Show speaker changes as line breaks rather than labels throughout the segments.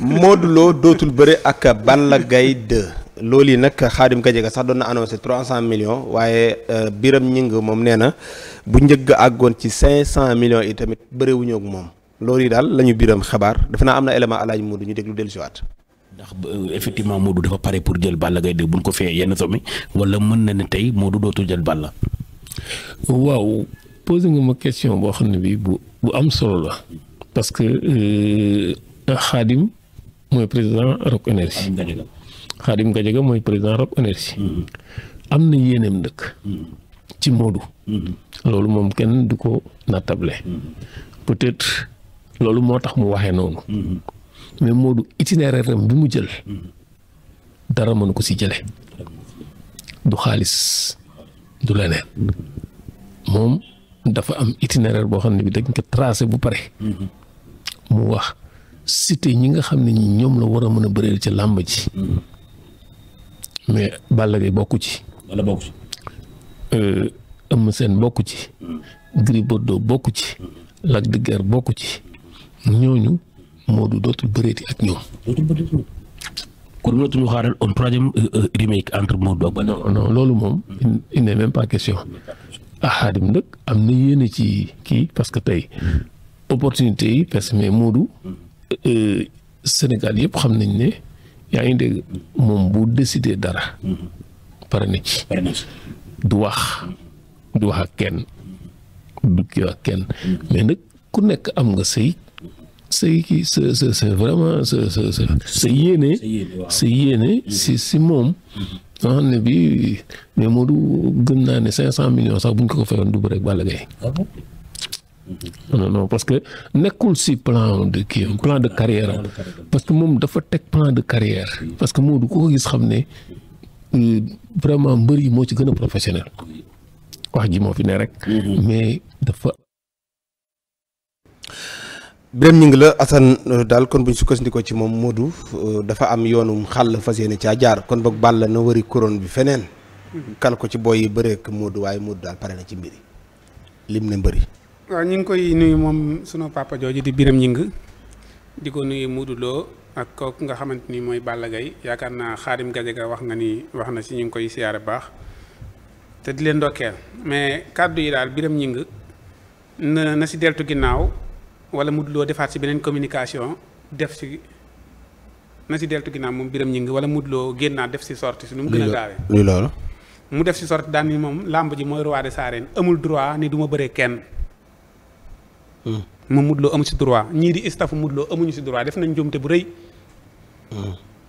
Modou loo dootul bëre ak Balla Gaye 2 loolu yi nag Khadim Gadiaga sax doon na annoncé trois cent millions waaye euh, Biram Ñing moom nee na bu njëgg àggoon ci cinq cent millions yi tamit bëre wuñu moom loolu yi daal la ñu Biram xabaar defe naa am na élément alaaj Modou
ñu déglu dellu si waat ndax euh, effectivement Modou dafa pare pour jël Balla Gaye 2 bu ñu ko fee yenn somi wala mën na ne tey Modou dootul jël Balla. waaw posé nga ma question boo xam ne bi bu bu am solo la parce euh, mooy président Rock Énergie Khadim Gadiaga mooy président Rock Énergie mm-hmm. am na yéeneem ndëkk mm-hmm. ci moodu mm-hmm. loolu moom kenn du ko nattable peut-être loolu moo tax mu waxee noonu mais moodu itinéraire am bi mu jël dara mënu ko si jële du xaalis du leneen moom dafa am itinéraire boo xam ne bi dañ ko tracé bu pare mu wax cité ñi nga xam ne ñi ñoom la war a mën a bëreel ci làmb ji. mais Balla bokku ci. wala bokku ci. Euh, Eumeu Sène bokku ci. Gris Bordeaux bokku ci. Lac de bokku ci. ñooñu Modou dootul bëreeti ak dootul bëreeti kon mënatuñu xaaral un troisième euh, euh, remake entre ak Balla. loolu moom. il n'est même pas question. ah Xaadim nag am na yéene ci kii parce que tey opportunité yi parce que mais Modou. Mm. Euh, Sénégal yëpp xam nañ ne yaa ngi dégg moom bu décidé dara. pare na ci. du wax du wax ak kenn du kii ak kenn mais nag ku nekk am nga sëy sëy kii sa sa sa vraiment sa sa sa sa yéene sa yéene si si moom nga xam ne bii mais Modou gën naa ne cinq cent millions sax buñ ko ko fayoon du bëri ak Balla non parce que nekkul si plan de kii plan de carrière parce que moom dafa teg plan de carrière parce que Modou ku ko gis xam ne euh, vraiment mbër yi moo ci gën a professionnel wax ji moo fi ne rek. Mhm. mais dafa. Birame ñu ngi la Assane euh, daal kon bu ñu sukkandikoo ci
moom Modou euh, dafa am yoonu xàll fa yéene caa jaar kon boog la na wëri couronne bi feneen. Mhm. kal ko ci booy yi bëreek Modou waaye Modou daal pare na ci mbiri lim ne mbëri.
waaw ñu ngi koy nuyu moom sunu papa jooju di Biram Ñing di ko nuyu Modou Lo ak kook nga xamante ni mooy Balla Gaye yaakaar naa Xaadim Gajaga wax nga ni wax na si ñu ngi koy siyaare baax te di leen ndokkeel mais kàddu yi daal Biram Ñing na na si deltu ginnaaw wala Modou Lo defaat ci beneen communication def si na si deltu ginnaaw moom Biram Ñing wala Modou Lo génnaat def si sorti si nu mu gën a gaawee mu def si sorti daan ni moom làmb ji mooy roi amul droit ni du ma bëree kenn moom Modou Lo amu si droit ñii di staff Modou Lo amuñu si droit def nañ njuumte bu rëy.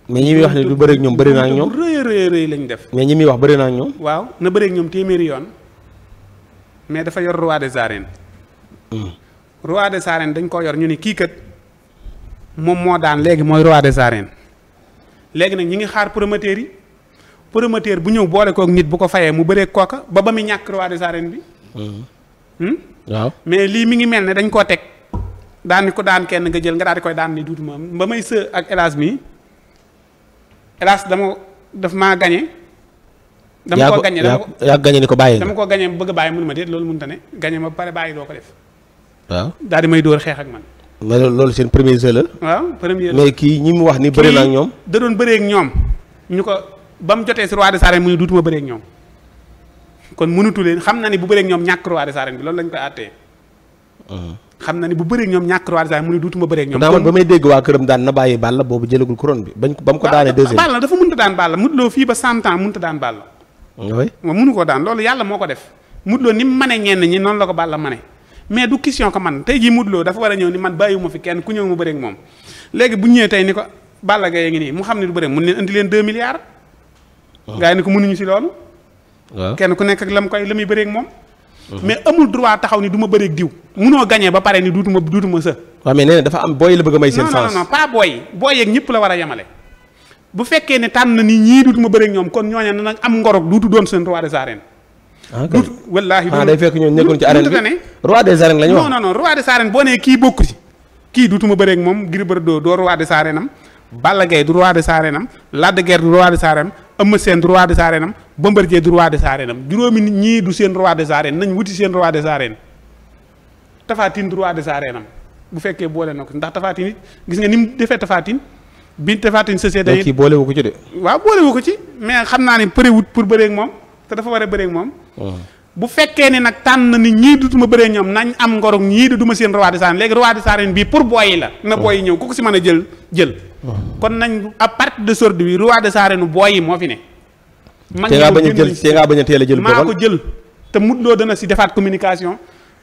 mais ñi muy wax ne du bëreek ñoom bëri naa ak ñoom rëy rëy rëy lañ def. mais ñi muy wax bëri naa ak ñoom. waaw na bëri ñoom téeméeri yoon mais dafa yor roi des arènes. Hmm. roi des arènes dañ koo yor ñu ne kii kat moom moo daan léegi mooy roi des arènes léegi nag ñi ngi xaar promoteur yi promoteur bu ñëw boole kook nit bu ko fayee mu bëree kooka ba ba mu ñàkk roi des bi. Hmm. Hmm? waaw mais lii mi ngi mel ne dañ koo teg daan ni ko daan kenn nga jël nga daal di koy daan ni duutu ma ba may së ak hélas mi hélas dama daf maa gañe dama ko gañe yaa gañe ni ko bàyyi dama ko gañe bëgg a bàyyi mënu ma déet loolu mun a ne gañe ma pare bàyyi doo ko def waaw daal di may dóor xeex ak man
mais loolu seen premier jeu waaw premier mais kii ñi mu wax ni bëri naa ñoom
da doon bëree ñoom ñu ko ba mu jotee si roi de Sarène mu ne duutuma bëree ñoom kon mënutu leen xam na ni bu bëreeg ñoom ñàkk roi des arènes bi loolu lañ koy àttee. xam na ni bu bëreeg ñoom ñàkk roi des arènes mu ne duutuma bëreeg ñoom. kon ba may
dégg waa këram daan na bàyyi Balla boobu jëlagul couronne bi bañ ba mu ko daanee deuxième. Balla
dafa mënut a daan Balla Modou Lo fii ba cent ans mënut a daan Balla. oui moom mënu ko daan loolu yàlla moo ko def Modou Lo ni mu mane ñenn ñi noonu la ko Balla mane mais du question que man tey jii Modou Lo dafa war a ñëw ni man bàyyiwuma fi kenn ku ñëw ma bëreeg moom léegi bu ñëwee tey ni ko Balla Gaye ngi nii mu xam ne du bëreeg mun leen indi leen deux milliards. Ah. gars yi ni ko mënuñu si loolu waaw kenn ku nekk ak lam koy la muy bëreeg moom. Mhm. mais amul droit taxaw ni du ma bëreeg diw. munoo gagné ba pare ni duutuma duutuma sa. waaw mais nee dafa am booy la bëgg a may seen sens non non pas booy booy yeeg la war a yemale. bu fekkee ne tànn na ni ñii duutuma bëreeg ñoom kon na nag am ngorog duutu doon seen roi des arènes. ah kay wallaahi. ah day fekk
ñoom nekkoon ci arène bi
roi des arènes la ñu wax. non non non roi des arènes boo nee kii bokku ci kii duutuma bëreeg moom Gris doo roi des arènes am Balla Gaye du roi des arènes am Lac de Guiers du roi des arènes Bombardier du roi des arènes am juróomi nit ñii du seen roi des arènes nañ wuti seen roi des arènes Tapha Tine du roi des arènes am bu fekkee boole na ko ndax Tapha Tine it gis nga ni mu defee Tapha Tine bi Tapha Tine yi boole wu ko ci de. waa boole wu ko ci mais xam naa ne përe wut pour bëree moom te dafa war a moom. Hmm. bu fekkee ne nag tànn na ni ñii dutuma bëree ñoom nañ am ngorog ñii du duma seen roi des arènes léegi roi des arènes bii pour booyi la na booyi ñëw ku ko si mën jël jël hmm. kon nañ à de sordi bi roi des arènes booyi moo fi ne man te a jël te
ngaa bañ a teel a jël
maa dana si defaat communication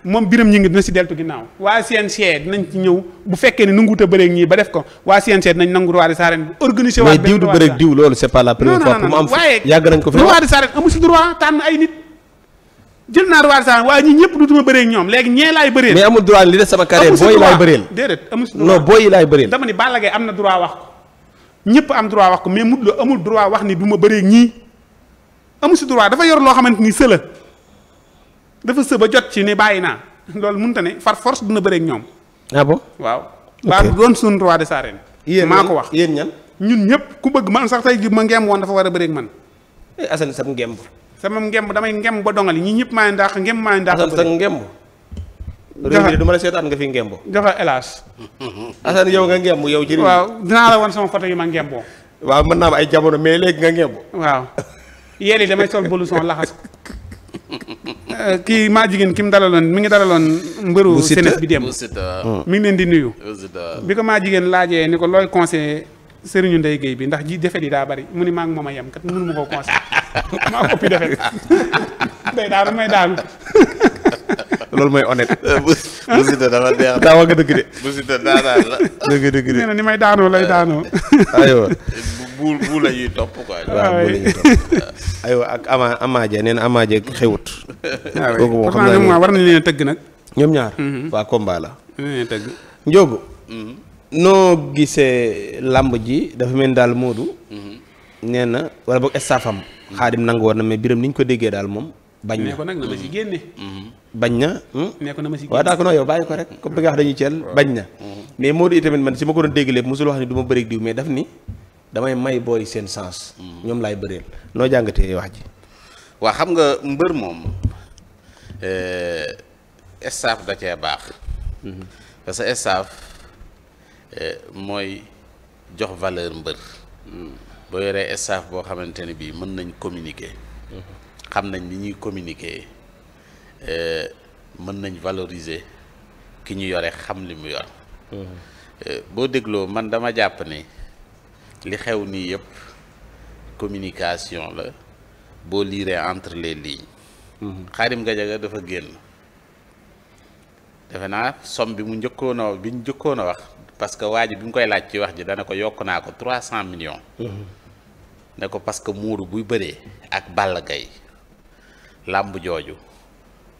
moom biram ñu ngi dina si deltu ginnaaw waa CNG dinañ ci ñëw bu fekkee ne nanguut a bëreeg ñii ba def ko waa CNG dinañ nangu roi de sarène bu organisé waat mais diw du bëreeg
diw loolu c'est pas la première fois mu am ko fi roi
de si droit tànn ay nit jël naa roi de sarène waaye ñi ñëpp dutuma bëreeg ñoom léegi ñee laay bëreel mais amul
droit li des sama carrière booy laay bëreel déedéet amu si droit non booy laay bëreel
dama ni Balla Gaye am na droit ñëpp am droit wax ko amul droit wax ni du ma bëreeg ñii amu si droit dafa yor loo xamante ni sëla dafa së jot ci ne bàyyi naa loolu mënta ne far force dina bëreeg ñoom. ah bon waaw. ba doon suñu roi des arènes. yéen maa ko wax yéen ñan. ñun ñëpp ku bëgg man sax tey jii ma ngeem dafa war a bëreeg man. eh Assane sam ngemb. sama ngemb damay ngemb ba dongali ñi ñëpp maa ngi dàq ngemb maa ngi dàq. Assane ngemb.
joxe du ma la nga fi ngemb.
joxe hélas.
Assane yow nga ngemb yow. ci waaw
dinaa la woon sama photo yi ma ngemboo. waaw mën naa am ay jamono mais léegi nga ngemb. waaw. yéen damay sol boluson laxas euh, kii maa jigéen ki mu dalaloon mi ngi dalaloon mbëru sénét bi dem mi ngi leen di nuyu bi ko maa jigéen laajee ni ko looy conseil sëriñu ndey géey bi ndax ji defet di daa bari mu ni maa ngi moom a yem kat mënu ma koo maa ko ëppi defet day daanu may daanu
loolu mooy honnête. bu bu Siteu dafa daa wax nga dëgg de. bu Siteu
daanaan la. dëgg dëgg de nee ni may daanoo lay daanoo. aywa
bu bu la ñuy topp quoi.
ak ama amaaje nee amaaje xewut. kooku moom xam naa ne war nañ leen a tëgg nag. ñoom ñaar. Mhm. tëgg. Ndiogu. Mhm. ji dafa mel ni daal Modou. Mhm. nee na wala boog estafam. xaadim nangu woon na mais biram ni ñu ko déggee daal moom. bañ na bañ na. nekk na ma si waaw daa ko non yow bàyyi ko rek ko bi wax dañuy ceel bañ na. Mm-hmm. mais Modou itamit man si ma ko doon dégg lépp mosul wax ni du bëri diw mais daf ni damay may yi seen sens. Mm-hmm. ñoom laay bëreel noo jàngatee wax ji. waa xam nga mbër moom
eh, staff da cee baax. Mm-hmm. parce que eh, mooy jox valeur mbër. boo yoree staff boo xamante ne bii mën nañ communiquer. xam nañ ni ñuy communiquer. mën nañ valoriser ki ñu yore xam li mu yor. Mm-hmm. boo dégloo man dama jàpp ni li xew nii yëpp communication la boo liiree entre lee les lignes. Khadim mm-hmm. Gadiaga dafa génn. defe naa somme bi mu njëkkoon a ñu njëkkoon a wax parce que waa ji bi ñu koy laaj ci wax ji dana ko yokk naa ko trois cent millions. Mm-hmm. ne ko parce que muuru buy bëree ak Balla Gaye làmb jooju.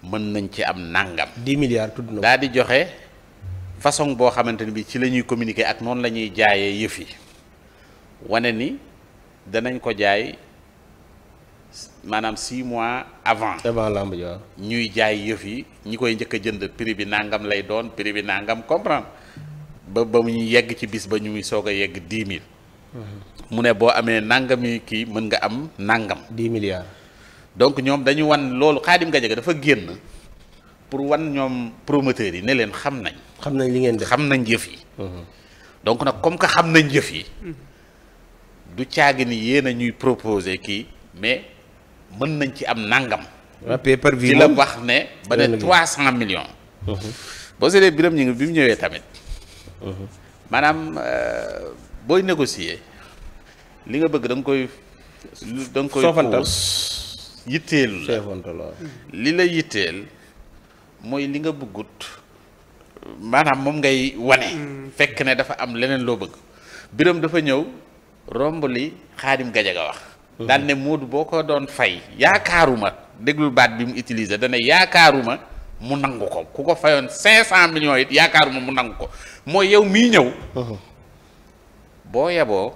mën nañ ci am nangam.
10 milliards tudd
na daal di joxe façon boo xamante ni bi ci la ñuy communiquer ak noonu la ñuy jaayee yëf yi wane ni danañ ko jaay maanaam 6 mois avant. avant lamb ji ñuy jaay yëf yi ñi koy njëkk a jënd prix bi nangam lay doon prix bi nangam comprendre ba ba mu yegg ci bis ba ñu muy soog a yegg 10 mille mhm. mu ne boo amee nangam yi kii mën nga am nangam. 10 milliards. donc ñoom dañu wan loolu Khadim Gadiaga dafa génn pour wan ñoom promoteurs yi ne leen xam nañ. xam nañ li ngeen def xam nañ jëf yi. Mhm. donc nag comme que xam nañ jëf yi. du caagi ni yéen a ñuy proposer kii mais mën nañ ci am nangam. pay per view ci wax ne. ba ne trois cent millions. Mhm. boo seetlee biram ñu ngi bi mu ñëwee tamit. Mhm. maanaam euh, booy négocier li nga bëgg da koy. da nga koy puus yitteelu la li la yitteel mooy li nga bëggut maanaam moom ngay wane fekk ne dafa am leneen loo bëgg biram dafa ñëw romb li xaadim gajaga wax mhm. daal ne Moodu boo ko doon fay yaakaaruma déglu baat bi mu utiliser dana yaakaaruma mu nangu ko ku ko fayoon cinq cent millions it yaakaaruma mu nangu ko mooy yow mii ñëw mhm. boo yeboo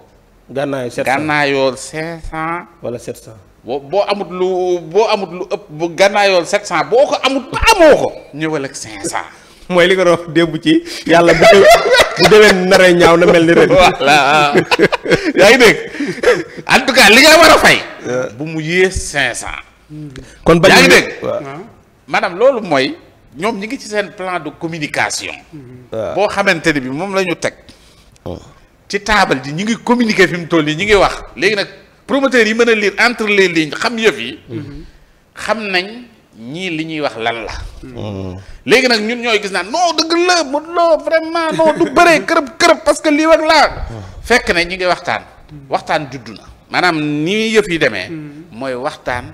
gànnaayoo cinq cent wala sept cent boo boo amut lu boo amut lu ëpp bu gànnaayool 700 boo ko amut ba amoo ko ñëwal ak 500.
mooy li nga doon démb ci yàlla bu bu déwén naree ñaaw na mel ni ren. voilà yaa ngi dégg en tout cas li nga war a fay.
bu mu yées 500.
kon bañ yaa ngi dégg. Ah.
maanaam loolu mooy ñoom ñi ngi ci seen plan de communication.
Mm-hmm. boo
xamante ne bi moom lañu teg. Oh. ci taabal ji ñu ngi communiquer fi mu toll nii ñu ngi wax léegi nag. promoteurs yi mën a liir entre les lignes xam yëf yi. Mhm. xam nañ ñii li ñuy wax lan la. Mhm. léegi nag ñun ñooy gis naan non dëgg la Modou Lo vraiment non du bëree kërëb kërëb parce que lii ak laa. fekk na ñi ngi waxtaan. waxtaan juddu na. maanaam nii yëf yi demee. Mhm. mooy waxtaan.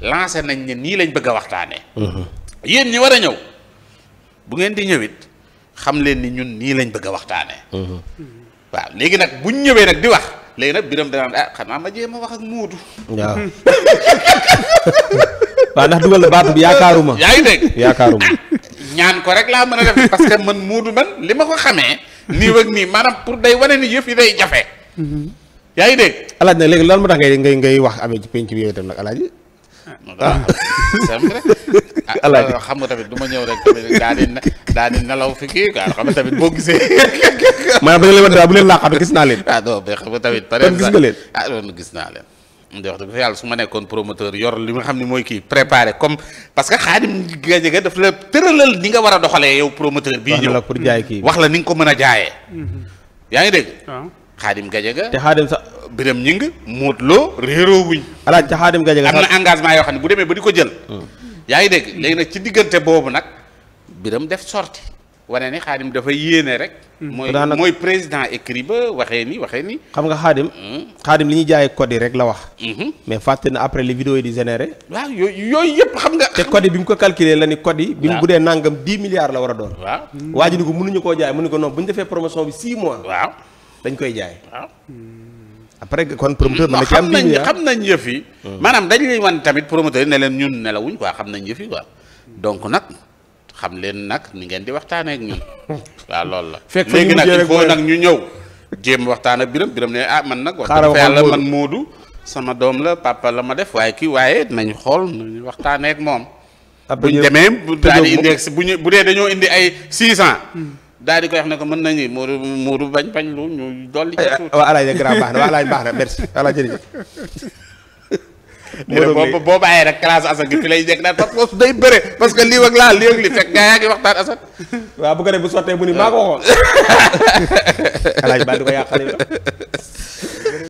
lancé nañ ne nii lañ bëgg a waxtaanee. yéen ñi war a ñëw bu ngeen di ñëwit xam leen ni ñun nii lañ bëgg a waxtaanee. waaw léegi nag buñ ñëwee nag di wax. léegi nag biram danaan ah xanaa ma jéem a wax ak Moodu.
waaw.
waaw ndax dugal na baatu bi yaakaaruma. yaa ngi dégg yaakaaruma. Ah,
ñaan ko rek laa mën a def parce que man Moodu man li ma ko xamee. nii wëg nii maanaam pour day wane ni yëf yi day jafe. Mm-hmm.
yaa ngi dégg. Alaaji nag léegi lan moo tax ngay ngay ngay wax amee ci penc bi yooyu tam nag Alaaji. Ah, alaaj
xam nga tamit du ma ñëw rek tamit daa di daa di nelaw fi kii quoi xam tamit boo gisee.
maanaam da nga leen wax bu leen laaxatu gis naa leen. ah non mais xam nga tamit. par exemple
ah, gis naa leen. di wax dëgg fa yàlla su ma nekkoon promoteur yor li ma xam ni mooy kii préparé comme parce que xaadim Gadiaga daf la tëralal ni nga war a doxalee yow promoteur. bii ñëw wax pour jaay kii wax la ni nga ko mën a jaayee. Mm-hmm. yaa ngi dégg. Ah. xaadim Gajaga. te xaadim sax biram ñing muut loo réeroo wuñ. alaaj te xaadim Gajaga. am na engagement yoo xam ne bu demee ba di ko jël. Hmm. yaa ngi dégg léegi nag ci diggante boobu nag biram def sorti wane ni xaadim dafa yéene rek. Hmm. mooy mooy président écrit ba waxee ni waxee ni.
xam nga xaadim. Hmm. xaadim li ñuy jaayee code yi la wax. mais fàtte na après les vidéos yooyu yooyu yëpp xam nga. te ko calculé la ni code yi. bi mu bu dee nangam 10 milliards la war a doon. waa ji ni ko mënuñu koo jaay mënuñu ko non bu ñu defee promotion bi 6 mois. waaw. dañ koy jaay. waaw. après kon promoteur mën na am. xam nañ xam nañ yëf yi. Hmm. maanaam dañ
lay wan tamit promoteur yi ne leen ñun nelawuñ quoi xam nañ yëf yi quoi. donc nag xam leen nag ni ngeen di waxtaanee ak ñun. waaw loolu la. fekk léegi nag il faut nag ñu ñëw. jéem waxtaan ak biram biram ne ah man nag. wax dëgg yàlla man Moodu sama doom la papa la ma def waaye kii waaye nañ xool nañu waxtaanee moom. ab bu ñu demee bu daal di indi bu ñu bu dee dañoo indi ay 600. daal di ko wax na ko mën nañu muuru muuru bañ bañ lu ñu dolli. ci tuuti waa alaaj grand baax na waa na merci alaaj jërëjëf. boo
boo bàyyee rek classe Assane gi fi lay jekk daal parce que day bëre parce lii ak laa lii ak li fekk gaa yaa ngi waxtaan Assane. waaw bu ko bu sottee bu ni maa ko
waxoon